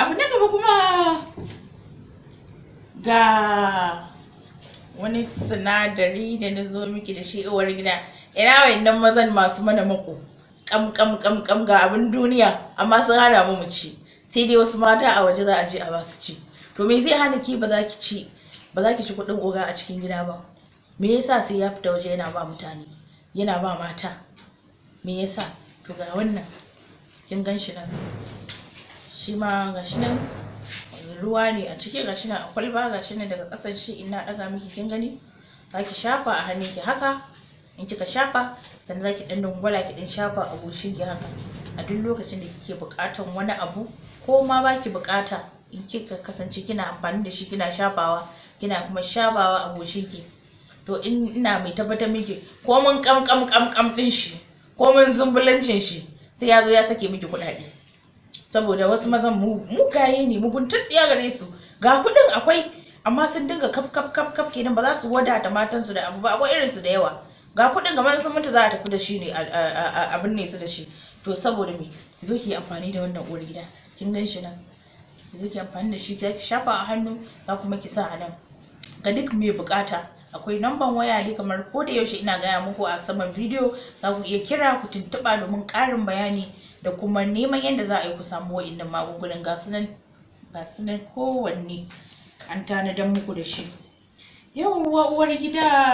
abu na gaba kuma ga wani sinadari da na zo miki da shi uwar gida ina wayannan mazan masu mana mako kam kam kam kam ga abin duniya amma sun hana mu ci sai dai wasu mata a waje za a je a ba su ci to me zai hana ki ba za ki ci ba za ki ci kuɗin oga a cikin gida ba me yasa sai ya fita waje yana ba mutane yana ba mata me yasa to ga wannan kin ganshi shi nan shi ma ga nan ruwa ne a ciki ga shi nan a kwalba ga nan daga ƙasan shi in na ɗaga miki kin gani za ki shafa a ki haka in kika shafa sannan za ki ɗan dangwala ki ɗan shafa a goshinki haka a duk lokacin da kike bukatan wani abu ko ma ba ki in kika kasance kina amfani da shi kina shafawa kina kuma shafawa a goshinki to in ina mai tabbatar miki ko mun kam kam kam kam ɗin shi ko mun zumbulancin shi sai ya zo ya sake miki kuɗaɗe saboda wasu mazan mugaye ne mugunta tsiya gare su ga kudin akwai amma sun dinga kaf kaf kaf kaf kenan ba za su wada wadata matansu da abu ba akwai irin su da yawa ga kudin ga sun mutu za a tafi da shi ne abin ne su da shi to saboda me ki zo ki amfani da wannan uwar gida kin gan shi nan ki zo ki amfani da shi ki shafa a hannu za kuma ki sa a nan ga duk mai bukata akwai namban waya ne kamar ko da yaushe ina gaya muku a saman bidiyo za ku iya kira ku tuntuɓa domin ƙarin bayani da kuma neman yadda za a yi ku samu wa'innan magungunan ga nan kowanne an tanadan muku da shi yawwa uwar gida